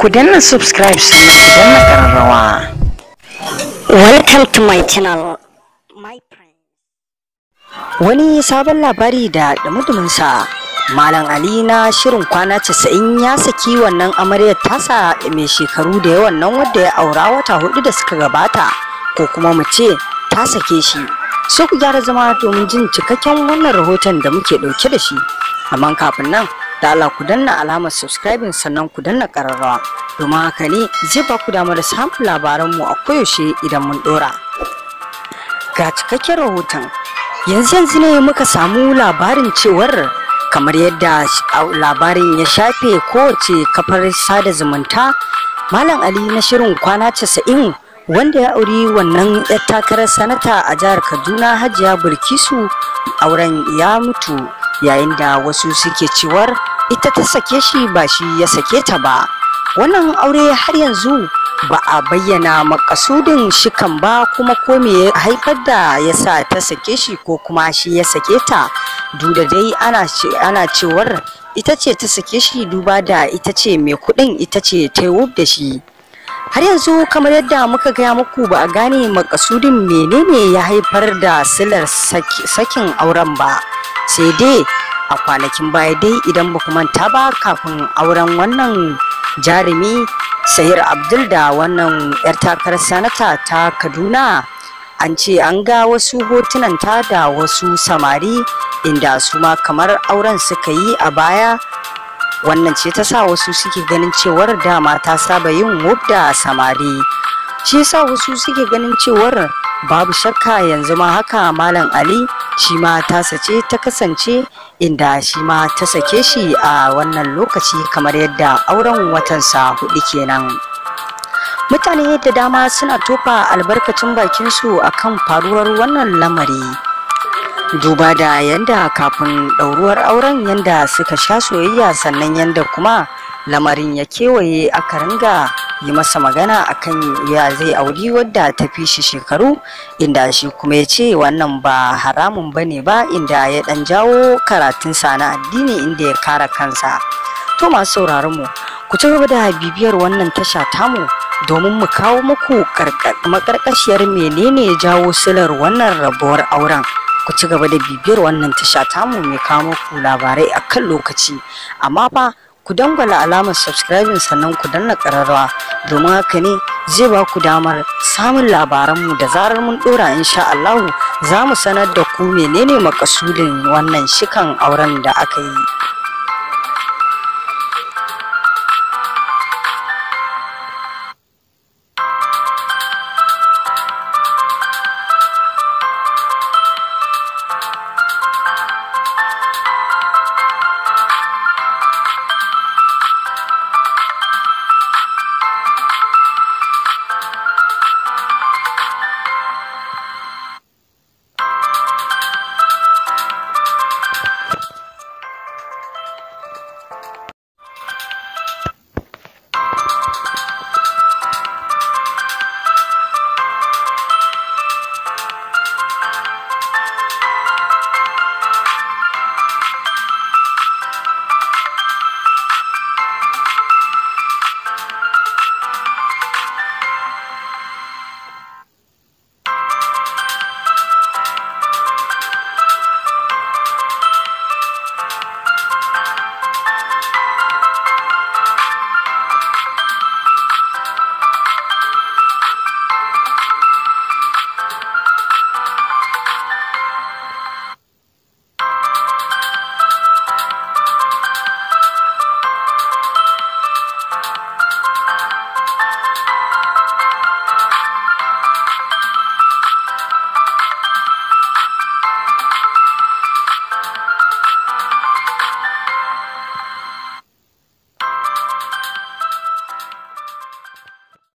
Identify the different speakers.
Speaker 1: ku danna subscribe sannan ku danna ƙararrawa welcome to my channel my friend wani sabon labari da dumudumunsa Malam Ali na shirin kwana casa'in ya saki wannan amaryar tasa mai shekaru da yawan nan wadda ya aura wata hudu da suka gabata ko kuma mu ce ta sake shi sai ku gyara zama domin jin cikakken wannan rahoton da muke ɗauke da shi amma kafin nan da Allah ku danna alamar subscribing sannan ku danna ƙararrawa domin haka ne zai ba ku damar samun labaranmu a koyaushe idan mun ɗora. Ga cikakken rahoton yanzu yanzu ne muka samu labarin cewar kamar yadda labarin ya shafe kowace kafar sada zumunta Malam Ali na shirin kwana casa'in wanda ya auri wannan yar takarar sanata a jihar kaduna hajiya bilkisu auren ya mutu yayin da wasu suke cewar ita ta sake shi ba shi ya sake ta ba wannan aure har yanzu ba a bayyana makasudin shikan ba kuma ko me ya haifar da yasa sa ta sake shi ko kuma shi ya sake ta duda dai ana cewar ita ce ta sake shi duba da ita ce mai kudin ita ce ta yi da shi har yanzu kamar yadda muka gaya muku ba a gane makasudin menene ya haifar da silar sakin auren ba sai dai a kwanakin baya dai idan ba ku manta ba kafin auren wannan jarumi sahir abdul da wannan 'yar takarar sanata ta kaduna an ce an ga wasu hotunan ta da wasu samari inda su ma kamar auren suka yi a baya wannan ce ta sa wasu suke ganin cewar dama ta saba yin da samari shi sa wasu suke ganin cewar babu shakka yanzu ma haka malam ali shi ma ta sace ta kasance inda shi ma ta sake shi a wannan lokaci kamar yadda auren watansa hudu kenan mutane da dama suna tofa albarkacin bakinsu akan faruwar wannan lamari duba da yanda kafin ɗauruwar auren yanda suka sha soyayya sannan yanda kuma lamarin ya kewaye aka ringa yi masa magana akan ya zai auri wadda ta fi shi shekaru inda shi kuma ya ce wannan ba haramun ba ne ba inda ya dan jawo karatunsa na addini inda ya kara kansa to masu sauraron mu ku ci gaba da bibiyar wannan tasha tamu domin mu kawo muku makarkashiyar menene ya jawo silar wannan rabuwar auren ku ci gaba da bibiyar wannan tasha tamu mai kawo muku labarai akan lokaci amma fa ku dangwala alamar subscribe sannan ku danna domin haka ne zai ba ku damar samun labaranmu da zarar mun dora insha Allahu za mu sanar da ku menene makasudin wannan shikan auren da aka yi.